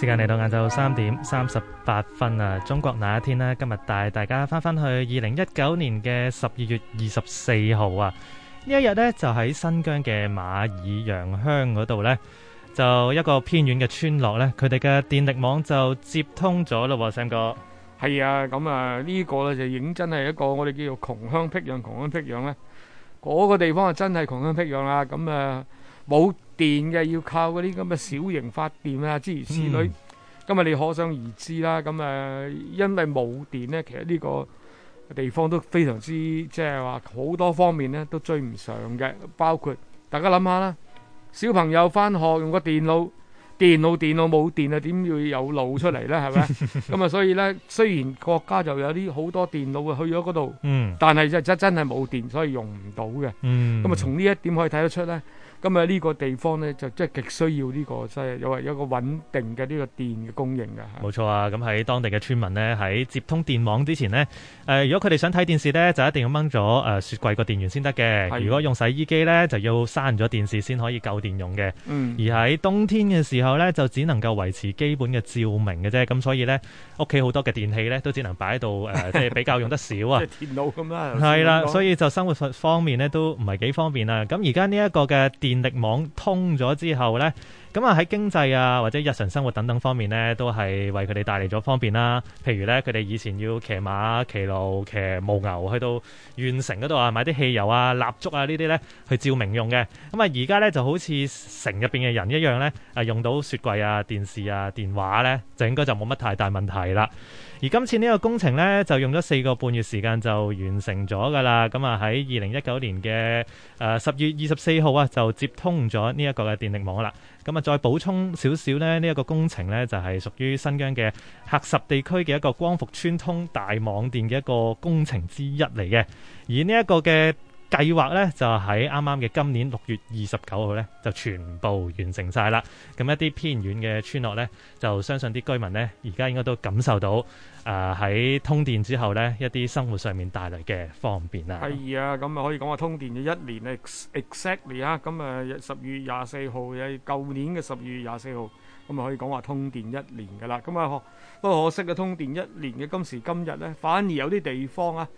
時間嚟到晏晝三點三十八分啦，中國那一天咧，今日帶大家翻返去二零一九年嘅十二月二十四號啊！呢一日咧就喺新疆嘅馬爾洋鄉嗰度咧，就一個偏遠嘅村落咧，佢哋嘅電力網就接通咗啦，Sam 哥。係啊，咁啊呢個咧就認真係一個我哋叫做窮鄉僻壤、窮鄉僻壤咧，嗰個地方啊真係窮鄉僻壤啦，咁啊冇。電嘅要靠嗰啲咁嘅小型發電啊，諸如此類。咁、嗯、啊，你可想而知啦。咁啊，因為冇電呢，其實呢個地方都非常之即係話好多方面呢都追唔上嘅。包括大家諗下啦，小朋友翻學用個電腦，電腦電腦冇電啊，點要有腦出嚟呢？係咪？咁啊，所以呢，雖然國家就有啲好多電腦啊，去咗嗰度，但係真真係冇電，所以用唔到嘅。咁、嗯、啊，從呢一點可以睇得出呢。咁啊，呢個地方咧，就即係極需要呢個即係有個有個穩定嘅呢個電嘅供應嘅。冇錯啊！咁喺當地嘅村民咧，喺接通電網之前呢，呃、如果佢哋想睇電視咧，就一定要掹咗、呃、雪櫃個電源先得嘅。如果用洗衣機咧，就要閂咗電視先可以夠電用嘅。嗯、而喺冬天嘅時候咧，就只能夠維持基本嘅照明嘅啫。咁所以咧，屋企好多嘅電器咧都只能擺喺度即係比較用得少啊。即係電腦咁啦。係啦，所以就生活方面咧都唔係幾方便啦！咁而家呢一個嘅電電力網通咗之後咧。咁啊，喺經濟啊，或者日常生活等等方面咧，都係為佢哋帶嚟咗方便啦。譬如咧，佢哋以前要騎馬、騎路、騎毛牛去到縣城嗰度啊，買啲汽油啊、蠟燭啊呢啲咧去照明用嘅。咁啊，而家咧就好似城入邊嘅人一樣咧，誒用到雪櫃啊、電視啊、電話咧，就應該就冇乜太大問題啦。而今次呢個工程咧，就用咗四個半月時間就完成咗噶啦。咁啊，喺二零一九年嘅誒十月二十四號啊，就接通咗呢一個嘅電力網啦。咁啊，再補充少少呢，呢一個工程呢就係屬於新疆嘅喀什地區嘅一個光伏村通大網電嘅一個工程之一嚟嘅，而呢一個嘅計劃咧就喺啱啱嘅今年六月二十九號咧就全部完成晒啦。咁一啲偏遠嘅村落咧，就相信啲居民咧而家應該都感受到，喺、呃、通電之後咧一啲生活上面帶來嘅方便啦。係啊，咁啊可以講話通電咗一年 exactly 啊，咁啊十月廿四號係舊年嘅十月廿四號。咁啊，可以講話通電一年㗎啦。咁啊，不過可惜嘅通電一年嘅今時今日呢，反而有啲地方啊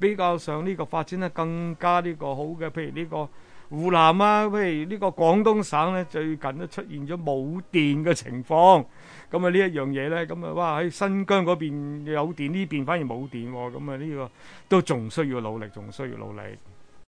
比較上呢個發展得更加呢個好嘅。譬如呢個湖南啊，譬如呢個廣東省呢，最近都出現咗冇電嘅情況。咁啊，呢一樣嘢呢，咁啊，哇喺新疆嗰邊有電，呢邊反而冇電哦。咁啊，呢個都仲需要努力，仲需要努力。